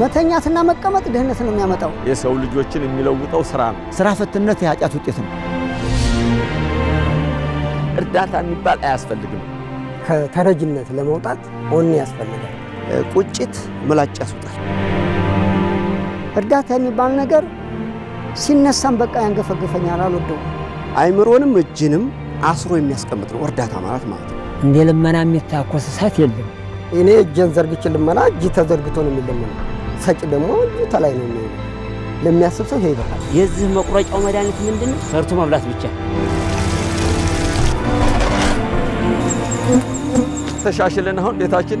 መተኛትና መቀመጥ ድህነት ነው የሚያመጣው። የሰው ልጆችን የሚለውጠው ስራ ነው። ስራ ፈትነት የኃጢአት ውጤት ነው። እርዳታ የሚባል አያስፈልግም። ከተረጅነት ለመውጣት ኦን ያስፈልጋል። ቁጭት ምላጭ ያስወጣል። እርዳታ የሚባል ነገር ሲነሳም በቃ ያንገፈገፈኛል፣ አልወደው አይምሮንም እጅንም አስሮ የሚያስቀምጥ ነው እርዳታ ማለት ማለት ነው። እንደ ልመና የሚታኮስ እሳት የለም። እኔ እጄን ዘርግቼ ልመና እጅ ተዘርግቶ ነው የሚለመነው። ሰጭ ደግሞ እጁ ተላይ ነው የሚሆነው። ለሚያስብ ሰው ይሄ ይበቃል። የዚህ መቁረጫው መድኃኒት ምንድን ነው? ሰርቶ መብላት ብቻ። ተሻሽለን አሁን ቤታችን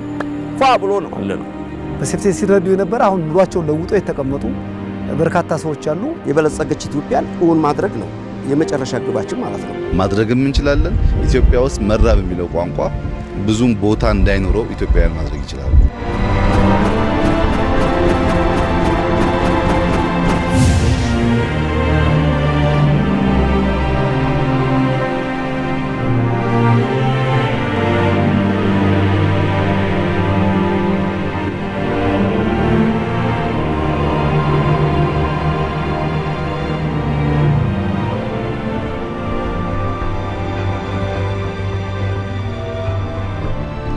ፏ ብሎ ነው አለ ነው በሴፍሴ ሲረዱ የነበረ አሁን ኑሯቸውን ለውጦ የተቀመጡ በርካታ ሰዎች አሉ። የበለጸገች ኢትዮጵያን እውን ማድረግ ነው የመጨረሻ ግባችን ማለት ነው። ማድረግም እንችላለን። ኢትዮጵያ ውስጥ መራብ የሚለው ቋንቋ ብዙም ቦታ እንዳይኖረው ኢትዮጵያውያን ማድረግ ይችላሉ።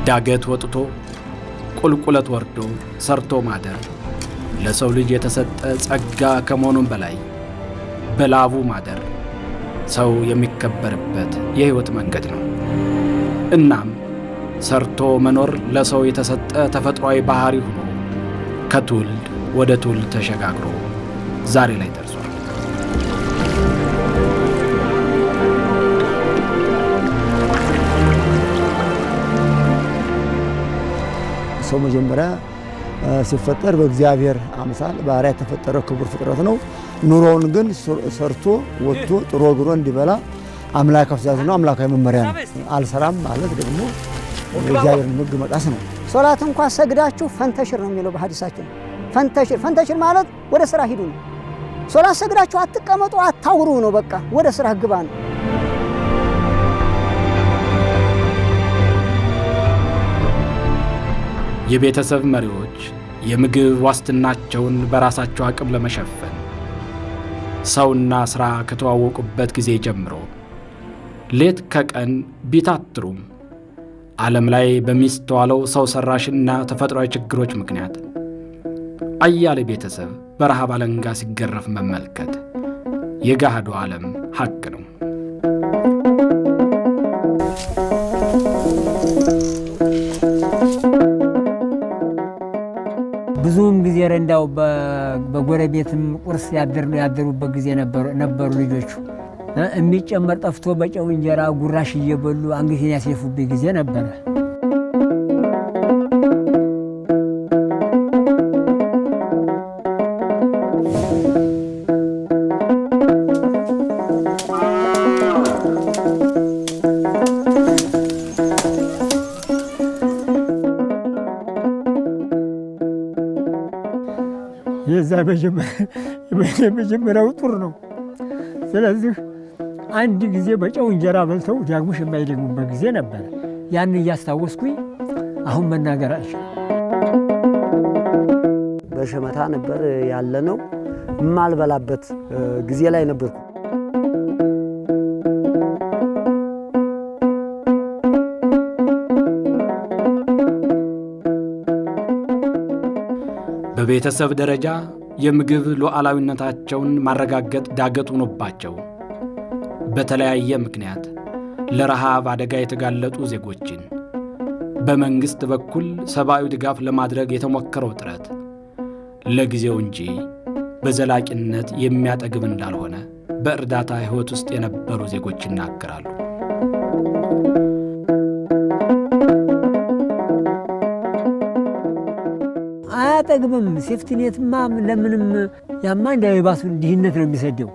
ዳገት ወጥቶ ቁልቁለት ወርዶ ሰርቶ ማደር ለሰው ልጅ የተሰጠ ጸጋ ከመሆኑም በላይ በላቡ ማደር ሰው የሚከበርበት የሕይወት መንገድ ነው። እናም ሰርቶ መኖር ለሰው የተሰጠ ተፈጥሯዊ ባህሪ ሆኖ ከትውልድ ወደ ትውልድ ተሸጋግሮ ዛሬ ላይ ደርሷል። ሰው መጀመሪያ ሲፈጠር በእግዚአብሔር አምሳል ባህሪያ የተፈጠረ ክቡር ፍጥረት ነው። ኑሮውን ግን ሰርቶ ወጥቶ ጥሮ ግሮ እንዲበላ አምላካዊ ትእዛዝ ነው፣ አምላካዊ መመሪያ ነው። አልሰራም ማለት ደግሞ የእግዚአብሔርን ሕግ መጣስ ነው። ሶላት እንኳ ሰግዳችሁ ፈንተሽር ነው የሚለው በሀዲሳችን። ፈንተሽር ፈንተሽር ማለት ወደ ስራ ሂዱ ነው። ሶላት ሰግዳችሁ አትቀመጡ፣ አታውሩ ነው። በቃ ወደ ስራ ግባ ነው። የቤተሰብ መሪዎች የምግብ ዋስትናቸውን በራሳቸው አቅም ለመሸፈን ሰውና ሥራ ከተዋወቁበት ጊዜ ጀምሮ ሌት ከቀን ቢታትሩም ዓለም ላይ በሚስተዋለው ሰው ሠራሽና ተፈጥሯዊ ችግሮች ምክንያት አያሌ ቤተሰብ በረሃብ አለንጋ ሲገረፍ መመልከት የጋህዶ ዓለም ሐቅ ነው። ያው በጎረቤትም ቁርስ ያደሩበት ጊዜ ነበሩ ልጆቹ። የሚጨመር ጠፍቶ በጨው እንጀራ ጉራሽ እየበሉ አንገቴን ያስደፉብኝ ጊዜ ነበረ። ከዛ የመጀመሪያው ጡር ነው። ስለዚህ አንድ ጊዜ በጨው እንጀራ በልተው ዳግሞሽ የማይደግሙበት ጊዜ ነበረ። ያን እያስታወስኩኝ አሁን መናገር አልችልም። በሸመታ ነበር ያለነው። የማልበላበት ጊዜ ላይ ነበርኩ። በቤተሰብ ደረጃ የምግብ ሉዓላዊነታቸውን ማረጋገጥ ዳገት ሆኖባቸው በተለያየ ምክንያት ለረሃብ አደጋ የተጋለጡ ዜጎችን በመንግሥት በኩል ሰብአዊ ድጋፍ ለማድረግ የተሞከረው ጥረት ለጊዜው እንጂ በዘላቂነት የሚያጠግብ እንዳልሆነ በእርዳታ ሕይወት ውስጥ የነበሩ ዜጎች ይናገራሉ። አይጠግብም። ሴፍቲኔትማ ለምንም ያማ እንዳይባሱ ድህነት ነው የሚሰደው።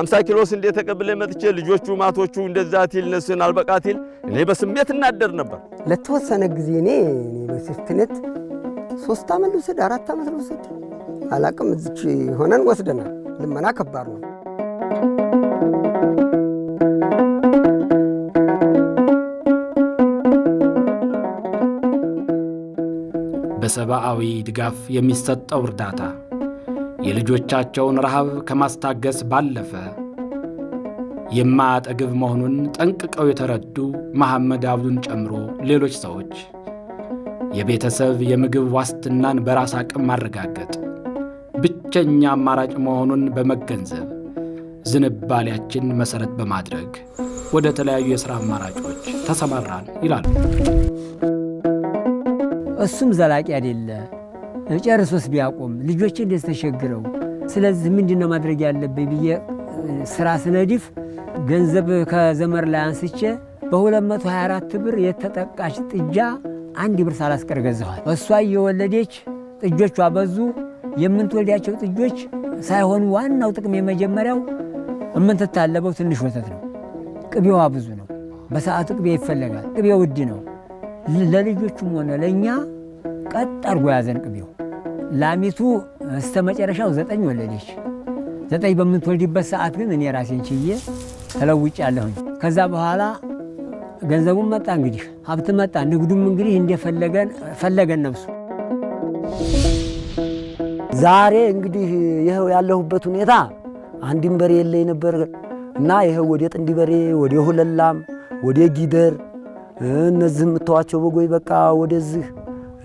አምሳ ኪሎ ስንዴ ተቀብለ መጥቼ ልጆቹ ማቶቹ እንደዛ ቲል ነስን አልበቃ ቲል እኔ በስሜት እናደር ነበር። ለተወሰነ ጊዜ እኔ በሴፍቲኔት ሶስት ዓመት ልውሰድ አራት ዓመት ልውሰድ አላቅም። እዚች ሆነን ወስደናል። ልመና ከባድ ነው። ሰብአዊ ድጋፍ የሚሰጠው እርዳታ የልጆቻቸውን ረሃብ ከማስታገስ ባለፈ የማያጠግብ መሆኑን ጠንቅቀው የተረዱ መሐመድ አብዱን ጨምሮ ሌሎች ሰዎች የቤተሰብ የምግብ ዋስትናን በራስ አቅም ማረጋገጥ ብቸኛ አማራጭ መሆኑን በመገንዘብ ዝንባሌያችን መሠረት በማድረግ ወደ ተለያዩ የሥራ አማራጮች ተሰማራን ይላሉ። እሱም ዘላቂ አይደለ ጨርሶስ ቢያቆም ልጆች እንደ ተሸግረው። ስለዚህ ምንድነው ማድረግ ያለብኝ ብዬ ስራ ስነድፍ ገንዘብ ከዘመር ላይ አንስቼ በ224 ብር የተጠቃች ጥጃ አንድ ብር ሳላስቀር ገዛኋል። እሷ እየወለደች ጥጆቿ አበዙ። የምንትወልዳቸው ጥጆች ሳይሆን ዋናው ጥቅም የመጀመሪያው እምንትታለበው ትንሽ ወተት ነው። ቅቤዋ ብዙ ነው። በሰዓቱ ቅቤ ይፈለጋል። ቅቤ ውድ ነው። ለልጆቹም ሆነ ለእኛ ቀጥ አርጎ ያዘን ቅቤው። ላሚቱ እስተ መጨረሻው ዘጠኝ ወለደች። ዘጠኝ በምትወልድበት ሰዓት ግን እኔ ራሴን ችዬ ተለውጭ ያለሁኝ። ከዛ በኋላ ገንዘቡም መጣ እንግዲህ ሀብት መጣ። ንግዱም እንግዲህ እንደፈለገን ፈለገን ነብሱ። ዛሬ እንግዲህ ይኸው ያለሁበት ሁኔታ አንድም በሬ የለኝ ነበር እና ይኸው ወደ ጥንድ በሬ ወደ ሁለላም ወደ ጊደር እነዚህ የምተዋቸው በጎይ በቃ ወደዚህ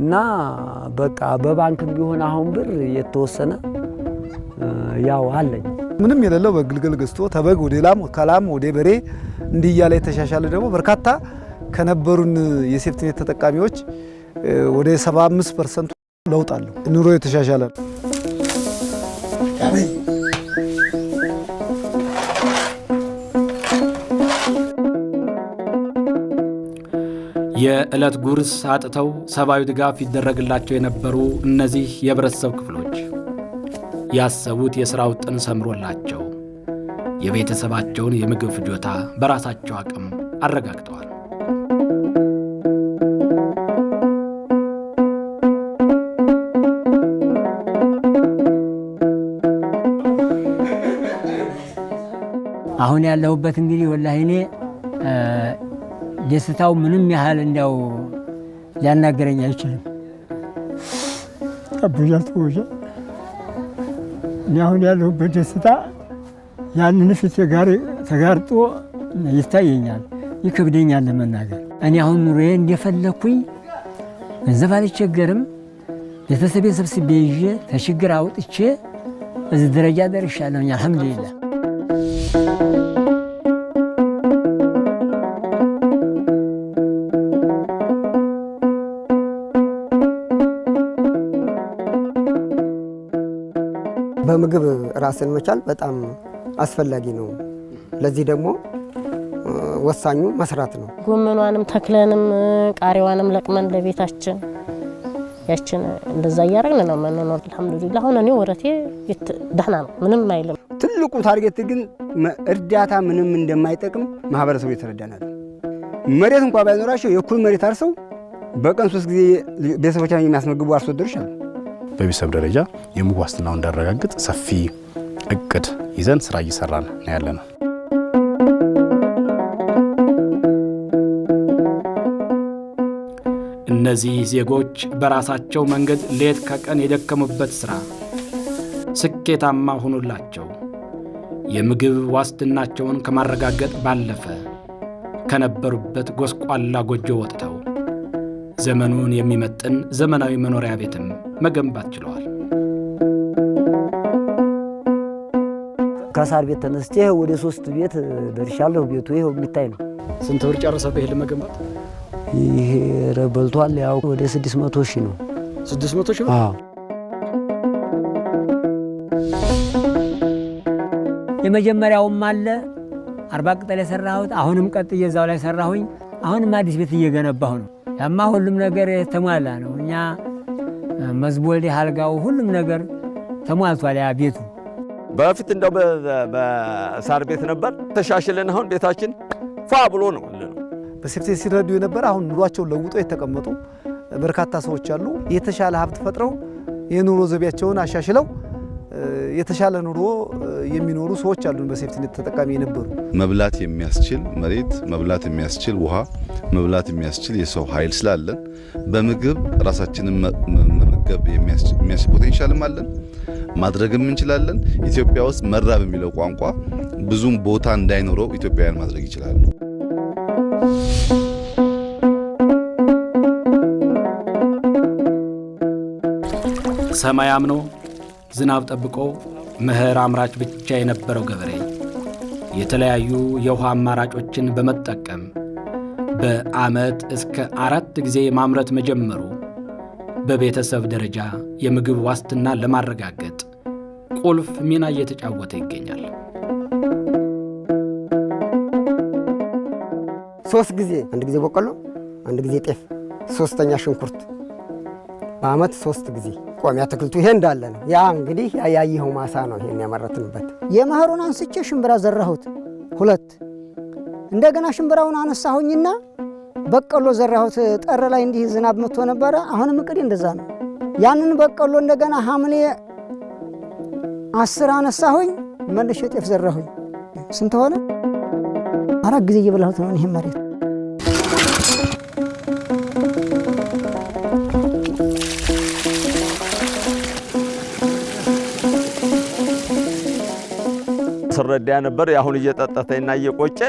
እና በቃ በባንክም ቢሆን አሁን ብር የተወሰነ ያው አለኝ። ምንም የሌለው በግልገል ገዝቶ ተበግ ወደ ላም ከላም ወደ በሬ እንዲህ እያለ የተሻሻለ ደግሞ በርካታ ከነበሩን የሴፍትኔት ተጠቃሚዎች ወደ 75 ፐርሰንቱ ለውጥ አለው። ኑሮ የተሻሻለ የዕለት ጉርስ አጥተው ሰብአዊ ድጋፍ ይደረግላቸው የነበሩ እነዚህ የህብረተሰብ ክፍሎች ያሰቡት የሥራ ውጥን ሰምሮላቸው የቤተሰባቸውን የምግብ ፍጆታ በራሳቸው አቅም አረጋግጠዋል። አሁን ያለሁበት እንግዲህ ወላሂ እኔ ደስታው ምንም ያህል እንዲያው ሊያናገረኝ አይችልም። አቡዣት ወጀ እኔ አሁን ያለሁበት ደስታ ያንን ፊት ጋር ተጋርጦ ይታየኛል፣ ይከብደኛል ለመናገር። እኔ አሁን ኑሮዬ እንደፈለግኩኝ ገንዘብ አልቸገርም፣ ቤተሰቤን ሰብስቤ ይዤ ከችግር አውጥቼ እዚህ ደረጃ ደርሻለሁኝ። አልሐምዱሊላህ ራስን መቻል በጣም አስፈላጊ ነው። ለዚህ ደግሞ ወሳኙ መስራት ነው። ጎመኗንም ተክለንም ቃሪዋንም ለቅመን ለቤታችን ያችን እንደዛ እያደረግን ነው የምንኖር። አልሐምዱሊላ አሁን እኔ ወረቴ ደህና ነው፣ ምንም አይልም። ትልቁ ታርጌት ግን እርዳታ ምንም እንደማይጠቅም ማህበረሰቡ የተረዳናል። መሬት እንኳ ባይኖራቸው የእኩል መሬት አርሰው በቀን ሶስት ጊዜ ቤተሰቦቻቸውን የሚያስመግቡ አርሶ አደሮች አሉ። በቤተሰብ ደረጃ የምግብ ዋስትናውን እንዳረጋግጥ ሰፊ እቅድ ይዘን ስራ እየሰራን ነው ነው። እነዚህ ዜጎች በራሳቸው መንገድ ሌት ከቀን የደከሙበት ሥራ ስኬታማ ሆኖላቸው የምግብ ዋስትናቸውን ከማረጋገጥ ባለፈ ከነበሩበት ጎስቋላ ጎጆ ወጥተው ዘመኑን የሚመጥን ዘመናዊ መኖሪያ ቤትም መገንባት ችለዋል። ከሳር ቤት ተነስቼ ወደ ሶስት ቤት ደርሻለሁ። ቤቱ ይኸው የሚታይ ነው። ስንት ብር ጨረሰብህ ይሄን ለመገንባት? ይሄ ረበልቷል። ያው ወደ ስድስት መቶ ሺህ ነው። ስድስት መቶ ሺህ አዎ። የመጀመሪያውም አለ አርባ ቅጠል የሰራሁት አሁንም ቀጥ እየዛው ላይ ሰራሁኝ። አሁንም አዲስ ቤት እየገነባሁ ነው። ያማ ሁሉም ነገር የተሟላ ነው። እኛ መዝቦል አልጋው ሁሉም ነገር ተሟልቷል። ያ ቤቱ በፊት እንደው በሳር ቤት ነበር። ተሻሽለን አሁን ቤታችን ፏ ብሎ ነው በሴፍቴ ሲረዱ የነበረ አሁን ኑሯቸውን ለውጦ የተቀመጡ በርካታ ሰዎች አሉ። የተሻለ ሀብት ፈጥረው የኑሮ ዘቢያቸውን አሻሽለው የተሻለ ኑሮ የሚኖሩ ሰዎች አሉን። በሴፍቲኔት ተጠቃሚ የነበሩ መብላት የሚያስችል መሬት፣ መብላት የሚያስችል ውሃ መብላት የሚያስችል የሰው ኃይል ስላለን በምግብ ራሳችንን መመገብ የሚያስችል ፖቴንሻልም አለን፣ ማድረግም እንችላለን። ኢትዮጵያ ውስጥ መራብ የሚለው ቋንቋ ብዙም ቦታ እንዳይኖረው ኢትዮጵያውያን ማድረግ ይችላሉ። ሰማይ አምኖ ዝናብ ጠብቆ ምህር አምራች ብቻ የነበረው ገበሬ የተለያዩ የውሃ አማራጮችን በመጠቀም በዓመት እስከ አራት ጊዜ ማምረት መጀመሩ በቤተሰብ ደረጃ የምግብ ዋስትና ለማረጋገጥ ቁልፍ ሚና እየተጫወተ ይገኛል። ሶስት ጊዜ አንድ ጊዜ በቆሎ፣ አንድ ጊዜ ጤፍ፣ ሶስተኛ ሽንኩርት በዓመት ሶስት ጊዜ ቆሚ አትክልቱ ይሄ እንዳለ ነው። ያ እንግዲህ ያየኸው ማሳ ነው። ይሄን ያመረትንበት የመኸሩን አንስቼ ሽምብራ ዘራሁት ሁለት እንደገና ሽምብራውን አነሳሁኝና በቀሎ ዘራሁት ጠር ላይ እንዲህ ዝናብ መጥቶ ነበረ። አሁንም እቅድ እንደዛ ነው። ያንን በቀሎ እንደገና ሐምሌ አስር አነሳሁኝ መልሼ ጤፍ ዘራሁኝ። ስንት ሆነ? አራት ጊዜ እየበላሁት ነው ይህም መሬት ስረዳ ነበር። አሁን እየጠጠተኝና እየቆጨ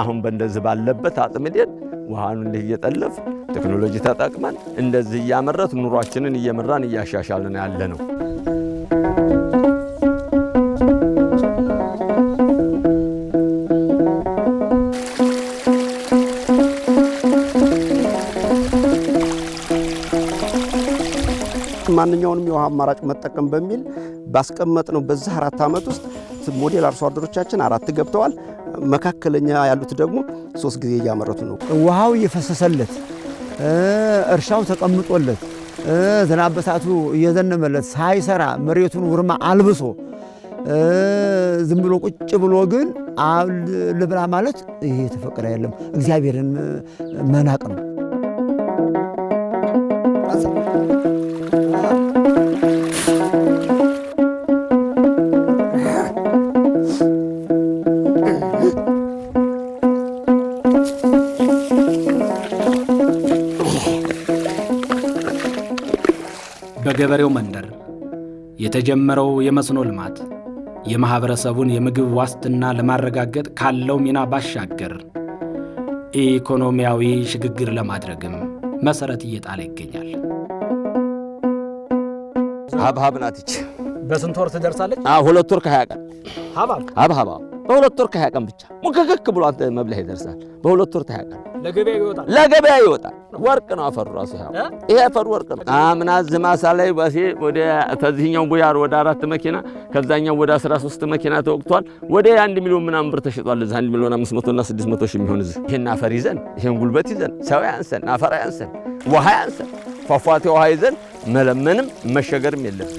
አሁን በእንደዚህ ባለበት አጥምዴን ውሃን እንዲህ እየጠለፍ ቴክኖሎጂ ተጠቅመን እንደዚህ እያመረት ኑሯችንን እየመራን እያሻሻልን ያለ ነው። ማንኛውንም የውሃ አማራጭ መጠቀም በሚል ባስቀመጥነው ነው በዚህ አራት ዓመት ውስጥ አራት ሞዴል አርሶ አደሮቻችን አራት ገብተዋል። መካከለኛ ያሉት ደግሞ ሶስት ጊዜ እያመረቱ ነው። ውሃው እየፈሰሰለት እርሻው ተቀምጦለት ዝናብ በሳቱ ሳይሰራ መሬቱን ውርማ አልብሶ ዝም ብሎ ቁጭ ብሎ ግን ልብላ ማለት ይሄ የተፈቀደ አይደለም። እግዚአብሔርን መናቅ ነው። የተጀመረው የመስኖ ልማት የማኅበረሰቡን የምግብ ዋስትና ለማረጋገጥ ካለው ሚና ባሻገር ኢኮኖሚያዊ ሽግግር ለማድረግም መሰረት እየጣለ ይገኛል። ሀብሀብ ናትች። በስንት ወር ትደርሳለች? ሁለት ወር ከሀያ ቀን ሀብሀብ በሁለት ወር ከሀያ ብቻ ሙክክክ ብሎ አንተ መብለህ ይደርሳል። በሁለት ወር ከሀያ ለገበያ ይወጣል። ወርቅ ነው አፈሩ ራሱ ይሄ አፈሩ ወርቅ ነው። አምና ዝማሳ ላይ ባሴ ወደ ተዚህኛው ቡያር ወደ አራት መኪና ከዛኛው ወደ 13 መኪና ተወቅቷል። ወደ 1 ሚሊዮን ምናምን ብር ተሽጧል። እዚህ 1 ሚሊዮን 500 እና 600 ሺህ የሚሆን እዚህ ይሄን አፈር ይዘን ይሄን ጉልበት ይዘን ሰው ያንሰን፣ አፈር ያንሰን፣ ውሃ ያንሰን፣ ፏፏቴ ውሃ ይዘን መለመንም መሸገርም የለም።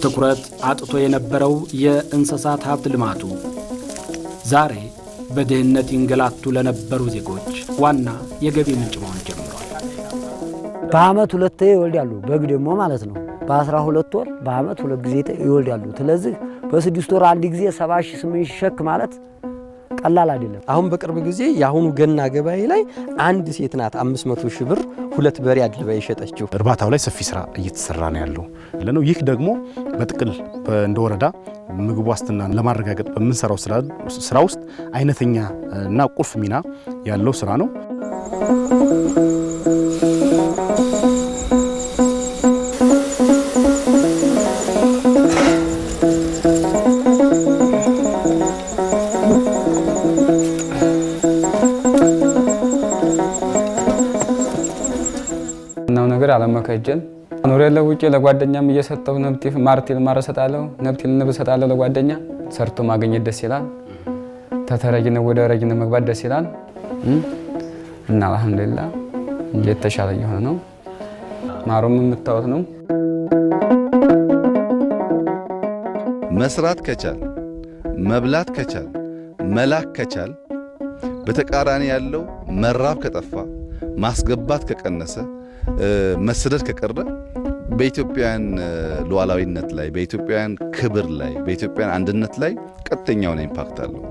ትኩረት አጥቶ የነበረው የእንስሳት ሀብት ልማቱ ዛሬ በድህነት ይንገላቱ ለነበሩ ዜጎች ዋና የገቢ ምንጭ መሆን ጀምሯል። በአመት ሁለት ይወልዳሉ። በግ ደግሞ ማለት ነው። በአስራ ሁለት ወር በአመት ሁለት ጊዜ ይወልዳሉ። ስለዚህ በስድስት ወር አንድ ጊዜ ሰባ ሺህ ስምንት ሺህ ሸክ ማለት ቀላል አይደለም። አሁን በቅርብ ጊዜ የአሁኑ ገና ገበያ ላይ አንድ ሴት ናት 500 ሺህ ብር ሁለት በሬ አድልባ የሸጠችው። እርባታው ላይ ሰፊ ስራ እየተሰራ ነው ያለው ለነው ይህ ደግሞ በጥቅል እንደ ወረዳ ምግብ ዋስትና ለማረጋገጥ በምንሰራው ስራ ውስጥ አይነተኛ እና ቁልፍ ሚና ያለው ስራ ነው። አመከጀን ኑሬ ለውጭ ለጓደኛም እየሰጠው ነብቲ ማርቲል ማር እሰጣለሁ ነብቲን ንብ እሰጣለሁ ለጓደኛ ሰርቶ ማግኘት ደስ ይላል። ተተረጅነ ወደ ረጅነ መግባት ደስ ይላል እና አልሐምዱሊላህ የተሻለ እየሆነ ነው። ማሩም የምታወት ነው። መስራት ከቻል መብላት ከቻል መላክ ከቻል በተቃራኒ ያለው መራብ ከጠፋ ማስገባት ከቀነሰ መሰደድ ከቀረ በኢትዮጵያውያን ሉዓላዊነት ላይ፣ በኢትዮጵያውያን ክብር ላይ፣ በኢትዮጵያውያን አንድነት ላይ ቀጥተኛውን ኢምፓክት አለው።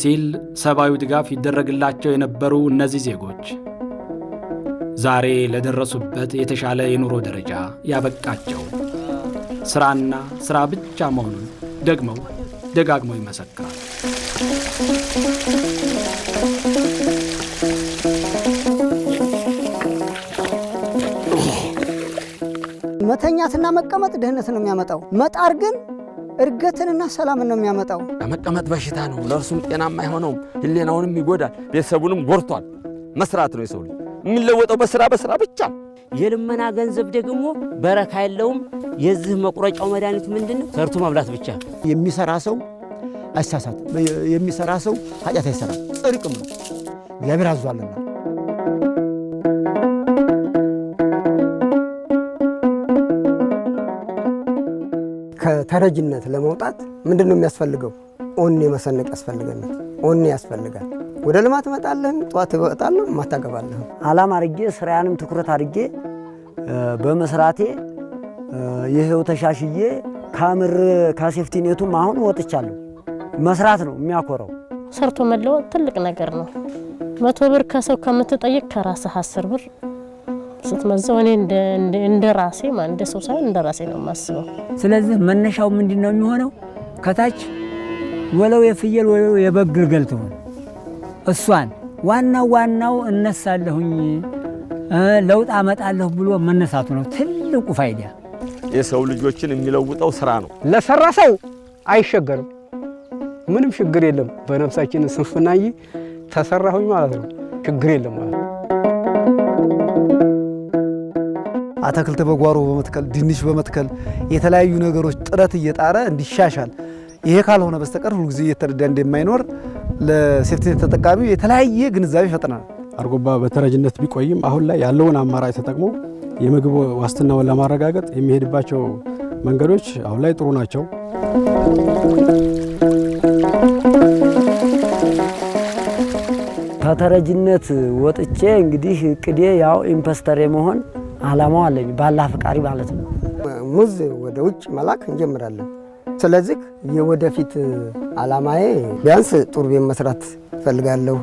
ሲል ሰብአዊ ድጋፍ ይደረግላቸው የነበሩ እነዚህ ዜጎች ዛሬ ለደረሱበት የተሻለ የኑሮ ደረጃ ያበቃቸው ሥራና ሥራ ብቻ መሆኑን ደግመው ደጋግመው ይመሰክራል። መተኛትና መቀመጥ ድህነት ነው የሚያመጣው። መጣር ግን እድገትንና ሰላምን ነው የሚያመጣው። ለመቀመጥ በሽታ ነው፣ ለእርሱም ጤናማ አይሆነውም፣ ህሌናውንም ይጎዳል፣ ቤተሰቡንም ጎርቷል። መስራት ነው የሰው ልጅ የሚለወጠው በስራ በስራ ብቻ። የልመና ገንዘብ ደግሞ በረካ የለውም። የዚህ መቁረጫው መድኃኒት ምንድን ነው? ሰርቶ መብላት ብቻ። የሚሰራ ሰው አይሳሳት፣ የሚሰራ ሰው ኃጢአት አይሰራም፣ ጽድቅም ነው እግዚአብሔር አዟልና ከተረጅነት ለመውጣት ምንድን ነው የሚያስፈልገው? ኦኔ መሰነቅ ያስፈልገናል። ኦኔ ያስፈልጋል። ወደ ልማት እመጣለህም፣ ጠዋት እወጣለሁ፣ ማታ አላማ አድርጌ ስራያንም ትኩረት አድርጌ በመስራቴ ይሄው ተሻሽዬ ከምር ከሴፍቲኔቱም አሁን ወጥቻለሁ። መስራት ነው የሚያኮረው። ሰርቶ መለወጥ ትልቅ ነገር ነው። መቶ ብር ከሰው ከምትጠይቅ ከራስህ አስር ብር ስትመዘው እኔ እንደ ራሴ እንደ ሰው ሳይሆን እንደ ራሴ ነው የማስበው። ስለዚህ መነሻው ምንድን ነው የሚሆነው? ከታች ወለው የፍየል ወለው የበግ ግልገል ትሆን እሷን ዋናው ዋናው እነሳለሁኝ ለውጥ አመጣለሁ ብሎ መነሳቱ ነው ትልቁ ፋይዳ። የሰው ልጆችን የሚለውጠው ስራ ነው። ለሰራ ሰው አይሸገርም፣ ምንም ችግር የለም። በነፍሳችን ስንፍና እንጂ ተሰራሁኝ ማለት ነው ችግር የለም ማለት ነው። አትክልት በጓሮ በመትከል ድንች በመትከል የተለያዩ ነገሮች ጥረት እየጣረ እንዲሻሻል ይሄ ካልሆነ በስተቀር ሁልጊዜ እየተረዳ እንደማይኖር ለሴፍቲኔት ተጠቃሚው የተለያየ ግንዛቤ ፈጥናል። አርጎባ በተረጅነት ቢቆይም አሁን ላይ ያለውን አማራጭ ተጠቅሞ የምግብ ዋስትናውን ለማረጋገጥ የሚሄድባቸው መንገዶች አሁን ላይ ጥሩ ናቸው። ከተረጅነት ወጥቼ እንግዲህ ቅዴ ያው ኢንቨስተር የመሆን አላማው አለኝ ባላህ ፈቃሪ ማለት ነው። ሙዝ ወደ ውጭ መላክ እንጀምራለን። ስለዚህ የወደፊት አላማዬ ቢያንስ ጡር ቤት መስራት እፈልጋለሁ።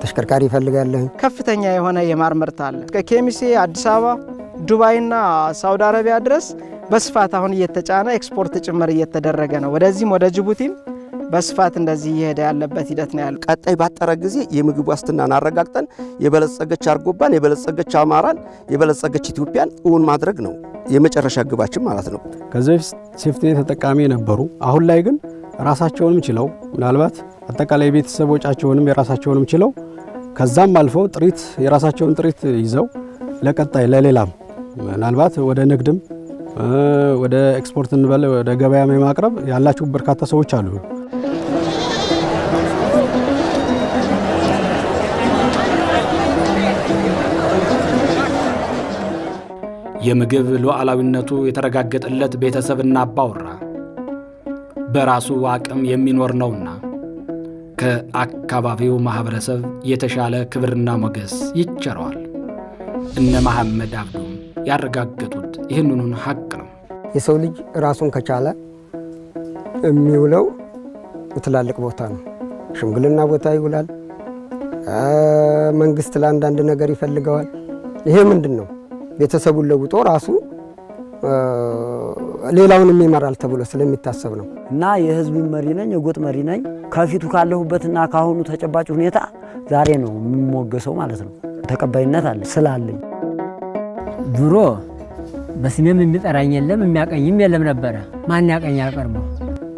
ተሽከርካሪ እፈልጋለሁ። ከፍተኛ የሆነ የማር ምርት አለ። ከኬሚሴ አዲስ አበባ፣ ዱባይና ሳውዲ አረቢያ ድረስ በስፋት አሁን እየተጫነ ኤክስፖርት ጭምር እየተደረገ ነው። ወደዚህም ወደ ጅቡቲም በስፋት እንደዚህ እየሄደ ያለበት ሂደት ነው ያለው። ቀጣይ ባጠረ ጊዜ የምግብ ዋስትናን አረጋግጠን የበለጸገች አርጎባን፣ የበለጸገች አማራን፣ የበለጸገች ኢትዮጵያን እውን ማድረግ ነው የመጨረሻ ግባችን ማለት ነው። ከዚህ በፊት ሴፍትኔት ተጠቃሚ የነበሩ አሁን ላይ ግን ራሳቸውንም ችለው ምናልባት አጠቃላይ ቤተሰብ ወጫቸውንም የራሳቸውንም ችለው ከዛም አልፈው ጥሪት የራሳቸውን ጥሪት ይዘው ለቀጣይ ለሌላም ምናልባት ወደ ንግድም ወደ ኤክስፖርት እንበል ወደ ገበያ የማቅረብ ያላችሁ በርካታ ሰዎች አሉ። የምግብ ሉዓላዊነቱ የተረጋገጠለት ቤተሰብና አባወራ በራሱ አቅም የሚኖር ነውና ከአካባቢው ማኅበረሰብ የተሻለ ክብርና ሞገስ ይቸረዋል። እነ መሐመድ አብዱም ያረጋገጡት ይህንኑን ሀቅ ነው። የሰው ልጅ ራሱን ከቻለ የሚውለው ትላልቅ ቦታ ነው። ሽምግልና ቦታ ይውላል። መንግሥት ለአንዳንድ ነገር ይፈልገዋል። ይሄ ምንድን ነው? ቤተሰቡን ለውጦ ራሱ ሌላውንም ይመራል ተብሎ ስለሚታሰብ ነው እና የህዝብ መሪ ነኝ፣ የጎጥ መሪ ነኝ። ከፊቱ ካለሁበትና ካሁኑ ተጨባጭ ሁኔታ ዛሬ ነው የምሞገሰው ማለት ነው። ተቀባይነት አለ ስላለኝ። ድሮ በስሜም የሚጠራኝ የለም የሚያቀኝም የለም ነበረ። ማን ያቀኝ አልቀርሞ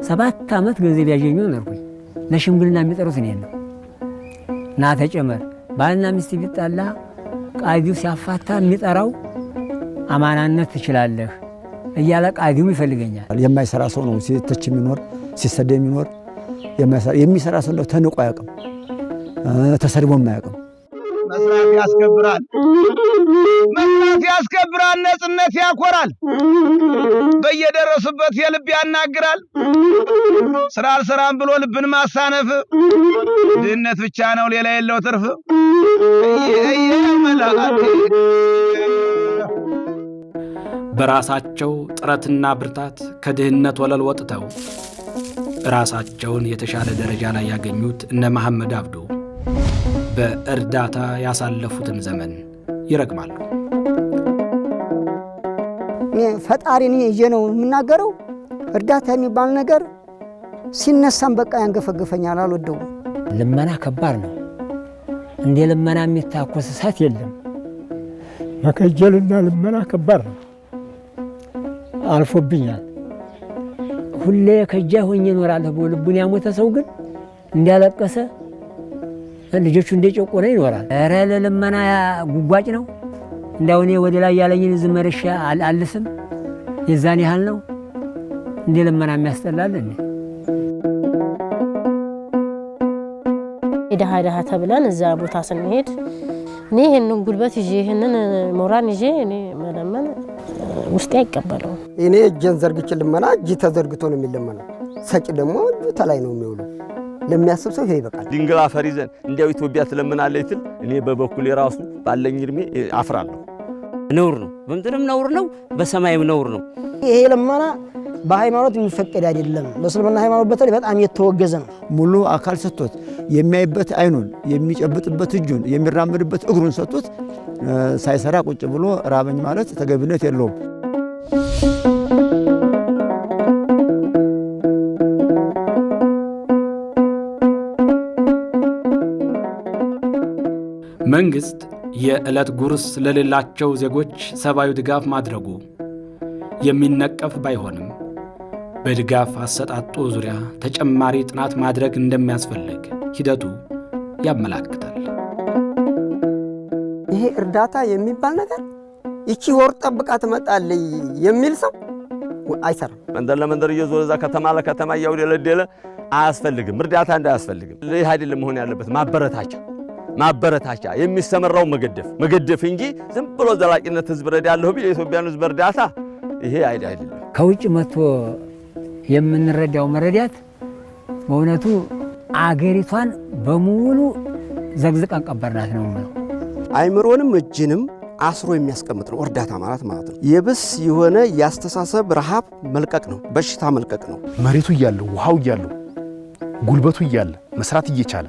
ሰባት ዓመት ገንዘብ ያገኙ ነርኩኝ። ለሽምግልና የሚጠሩት እኔ ነው እና ተጨመር ባልና ሚስት ቢጣላ ቃዲው ሲያፋታ የሚጠራው አማናነት ትችላለህ እያለ ቃዲሙ ይፈልገኛል። የማይሰራ ሰው ነው ሲተች የሚኖር ሲሰደ የሚኖር የሚሰራ ሰው ነው ተንቆ አያውቅም፣ ተሰድቦም አያውቅም። መስራት ያስከብራል፣ መስራት ያስከብራል። ነጽነት ያኮራል፣ በየደረሱበት የልብ ያናግራል። ስራ አልሰራም ብሎ ልብን ማሳነፍ ድህነት ብቻ ነው፣ ሌላ የለው ትርፍ በራሳቸው ጥረትና ብርታት ከድህነት ወለል ወጥተው ራሳቸውን የተሻለ ደረጃ ላይ ያገኙት እነ መሐመድ አብዱ በእርዳታ ያሳለፉትን ዘመን ይረግማሉ። ፈጣሪን ይዤ ነው የምናገረው። እርዳታ የሚባል ነገር ሲነሳም በቃ ያንገፈገፈኛል፣ አልወደውም። ልመና ከባድ ነው። እንደ ልመና የሚታኮስ እሳት የለም። መከጀልና ልመና ከባድ ነው። አልፎብኛል። ሁሌ ከጃ ሆኜ እኖራለሁ ብሎ ልቡን ያሞተ ሰው ግን እንዲያለቀሰ ልጆቹ እንደጨቆነ ይኖራል። ኧረ ለልመና ጉጓጭ ነው። እንዳው እኔ ወደ ላይ ያለኝን እዚህ መርሻ አልስም። የዛን ያህል ነው። እንደ ልመና የሚያስጠላል። ድሃ ድሃ ተብለን እዛ ቦታ ስንሄድ እኔ ይህንን ጉልበት ይዤ ይህንን ሞራን ይዤ እኔ መለመን ውስጤ አይቀበለው እኔ እጄን ዘርግቼ ልመና እጅ ተዘርግቶ ነው የሚለመነው። ሰጪ ደግሞ እጁ ተላይ ነው የሚውሉ። ለሚያስብ ሰው ይሄ ይበቃል። ድንግል አፈር ይዘን እንዲያው ኢትዮጵያ ትለምናለች ትል እኔ በበኩል የራሱ ባለኝ እድሜ አፍራለሁ። ነውር ነው፣ በምድርም ነውር ነው፣ በሰማይም ነውር ነው። ይሄ ልመና በሃይማኖት የሚፈቀድ አይደለም። በእስልምና ሃይማኖት በተለይ በጣም የተወገዘ ነው። ሙሉ አካል ሰጥቶት የሚያይበት አይኑን፣ የሚጨብጥበት እጁን፣ የሚራመድበት እግሩን ሰጥቶት ሳይሰራ ቁጭ ብሎ ራበኝ ማለት ተገቢነት የለውም። መንግሥት የዕለት ጉርስ ለሌላቸው ዜጎች ሰብአዊ ድጋፍ ማድረጉ የሚነቀፍ ባይሆንም በድጋፍ አሰጣጡ ዙሪያ ተጨማሪ ጥናት ማድረግ እንደሚያስፈልግ ሂደቱ ያመላክታል። ይሄ እርዳታ የሚባል ነገር ይቺ ወር ጠብቃ ትመጣለች የሚል ሰው አይሰራም። መንደር ለመንደር እየዞረ እዛ ከተማ ለከተማ እያውደለደለ አያስፈልግም። እርዳታ እንዳያስፈልግም ይህ አይደለም መሆን ያለበት ማበረታቸው ማበረታቻ የሚሰመራው መገደፍ መገደፍ እንጂ ዝም ብሎ ዘላቂነት ህዝብ ረዳለሁ ቢል የኢትዮጵያን ህዝብ እርዳታ ይሄ አይደለም። ከውጭ መጥቶ የምንረዳው መረዳት በእውነቱ አገሪቷን በሙሉ ዘግዝቀን ቀበርናት ነው ነው። አይምሮንም እጅንም አስሮ የሚያስቀምጥ ነው እርዳታ ማለት ማለት ነው። የብስ የሆነ የአስተሳሰብ ረሃብ መልቀቅ ነው፣ በሽታ መልቀቅ ነው። መሬቱ እያለው ውሃው እያለው ጉልበቱ እያለ መስራት እየቻለ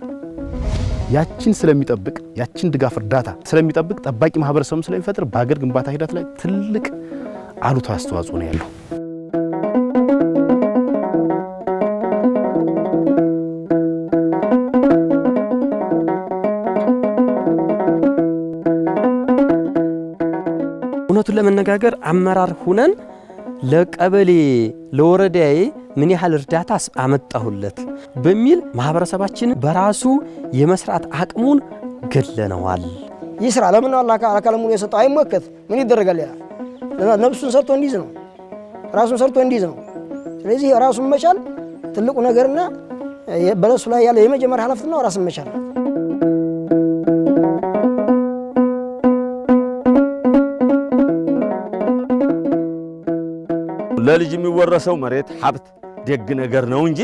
ያችን ስለሚጠብቅ ያችን ድጋፍ እርዳታ ስለሚጠብቅ ጠባቂ ማህበረሰብም ስለሚፈጥር በሀገር ግንባታ ሂደት ላይ ትልቅ አሉታ አስተዋጽኦ ነው ያለው። እውነቱን ለመነጋገር አመራር ሁነን ለቀበሌ ለወረዳዬ ምን ያህል እርዳታ አመጣሁለት በሚል ማህበረሰባችን በራሱ የመስራት አቅሙን ገለነዋል። ይህ ስራ ለምን አካለ ሙሉ የሰጠው አይሞከት ምን ይደረጋል? ያ ነፍሱን ሰርቶ እንዲይዝ ነው፣ ራሱን ሰርቶ እንዲይዝ ነው። ስለዚህ ራሱን መቻል ትልቁ ነገርና በነሱ ላይ ያለ የመጀመሪያ ኃላፊነት ነው፣ ራስን መቻል። ለልጅ የሚወረሰው መሬት ሀብት ደግ ነገር ነው እንጂ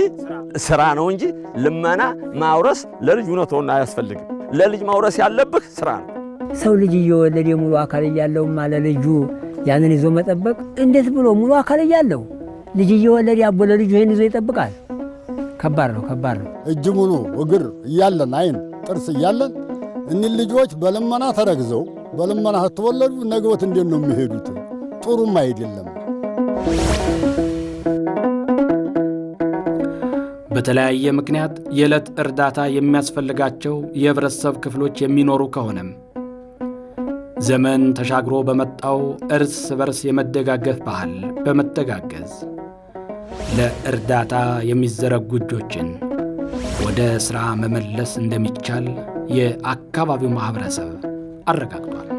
ስራ ነው እንጂ ልመና ማውረስ ለልጅ እውነት አያስፈልግም። ለልጅ ማውረስ ያለብህ ስራ ነው። ሰው ልጅ እየወለደ ሙሉ አካል እያለውማ ለልጁ ያንን ይዞ መጠበቅ እንዴት ብሎ ሙሉ አካል እያለው ልጅ እየወለደ ያቦ ለልጁ ይህን ይዞ ይጠብቃል? ከባድ ነው፣ ከባድ ነው። እጅ ሙሉ እግር እያለን አይን ጥርስ እያለን እኒ ልጆች በልመና ተረግዘው በልመና ከተወለዱ ነገወት እንዴት ነው የሚሄዱት? ጥሩም አይደለም። በተለያየ ምክንያት የዕለት እርዳታ የሚያስፈልጋቸው የህብረተሰብ ክፍሎች የሚኖሩ ከሆነም ዘመን ተሻግሮ በመጣው እርስ በርስ የመደጋገፍ ባህል በመተጋገዝ ለእርዳታ የሚዘረጉ እጆችን ወደ ሥራ መመለስ እንደሚቻል የአካባቢው ማኅበረሰብ አረጋግጧል።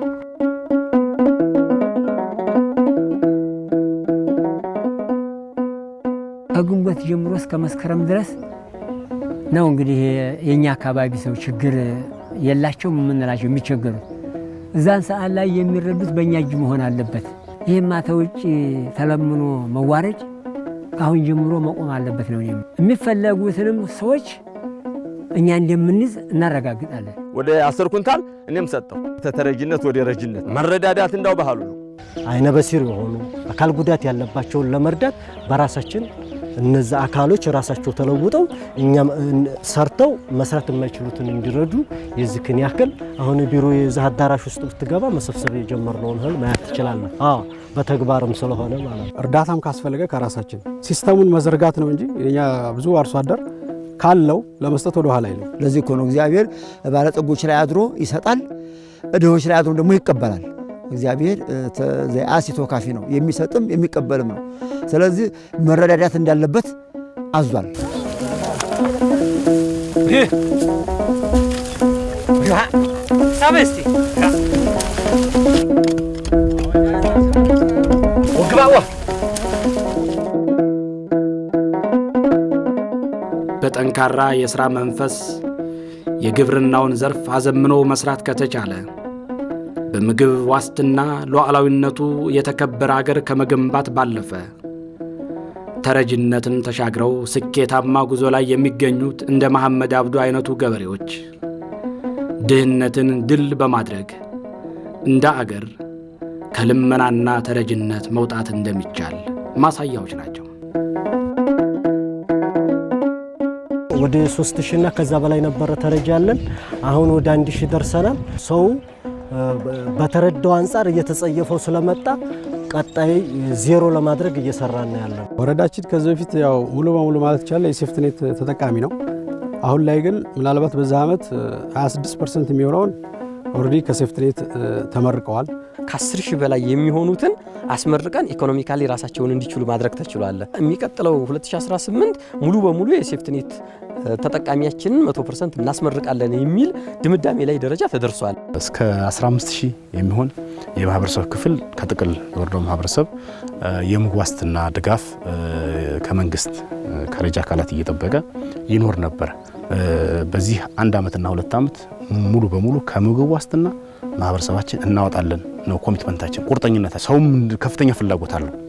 ከግንቦት ጀምሮ እስከ መስከረም ድረስ ነው እንግዲህ የእኛ አካባቢ ሰው ችግር የላቸውም የምንላቸው የሚቸገሩት እዛን ሰዓት ላይ የሚረዱት በእኛ እጅ መሆን አለበት። ይህማ ተውጭ ተለምኖ መዋረድ ከአሁን ጀምሮ መቆም አለበት ነው የሚፈለጉትንም ሰዎች እኛ እንደምንይዝ እናረጋግጣለን። ወደ አስር ኩንታል እኔም ሰጠው። ተተረጅነት ወደ ረጅነት መረዳዳት እንዳው ባህሉ ነው። አይነ በሲር የሆኑ አካል ጉዳት ያለባቸውን ለመርዳት በራሳችን እነዛ አካሎች ራሳቸው ተለውጠው እኛም ሰርተው መስራት የማይችሉትን እንዲረዱ የዚህን ያክል አሁን ቢሮ የዚህ አዳራሽ ውስጥ ብትገባ መሰብሰብ የጀመርነውን እህል ማየት ትችላለህ። በተግባርም ስለሆነ ማለት እርዳታም ካስፈለገ ከራሳችን ሲስተሙን መዘርጋት ነው እንጂ እኛ ብዙ አርሶ አደር ካለው ለመስጠት ወደ ኋላ አይልም። ለዚህ እኮ ነው እግዚአብሔር ባለጠጎች ላይ አድሮ ይሰጣል፣ እድሆች ላይ አድሮ ደግሞ ይቀበላል። እግዚአብሔር ዘአሲቶ ካፊ ነው፣ የሚሰጥም የሚቀበልም ነው። ስለዚህ መረዳዳት እንዳለበት አዟል። በጠንካራ የሥራ መንፈስ የግብርናውን ዘርፍ አዘምኖ መሥራት ከተቻለ በምግብ ዋስትና ሉዓላዊነቱ የተከበረ አገር ከመገንባት ባለፈ ተረጅነትን ተሻግረው ስኬታማ ጉዞ ላይ የሚገኙት እንደ መሐመድ አብዱ አይነቱ ገበሬዎች ድህነትን ድል በማድረግ እንደ አገር ከልመናና ተረጅነት መውጣት እንደሚቻል ማሳያዎች ናቸው። ወደ ሶስት ከዛ በላይ ነበረ ተረጃ አለን። አሁን ወደ አንድ ሺህ ደርሰናል ሰው በተረዳው አንጻር እየተጸየፈው ስለመጣ ቀጣይ ዜሮ ለማድረግ እየሰራን ነው ያለው። ወረዳችን ከዚህ በፊት ያው ሙሉ በሙሉ ማለት ይቻላል የሴፍትኔት ተጠቃሚ ነው። አሁን ላይ ግን ምናልባት በዚህ ዓመት 26 ፐርሰንት የሚሆነውን ኦልሬዲ ከሴፍትኔት ተመርቀዋል። ከአስር ሺህ በላይ የሚሆኑትን አስመርቀን ኢኮኖሚካሊ ራሳቸውን እንዲችሉ ማድረግ ተችሏል። የሚቀጥለው 2018 ሙሉ በሙሉ የሴፍትኔት ተጠቃሚያችንን 100 ፐርሰንት እናስመርቃለን የሚል ድምዳሜ ላይ ደረጃ ተደርሷል። እስከ 15 ሺህ የሚሆን የማህበረሰብ ክፍል ከጥቅል ወርዶ ማህበረሰብ የምግብ ዋስትና ድጋፍ ከመንግስት ከረጃ አካላት እየጠበቀ ይኖር ነበር። በዚህ አንድ ዓመትና ሁለት ዓመት ሙሉ በሙሉ ከምግብ ዋስትና ማህበረሰባችን እናወጣለን ነው ኮሚትመንታችን፣ ቁርጠኝነት። ሰውም ከፍተኛ ፍላጎት አለው።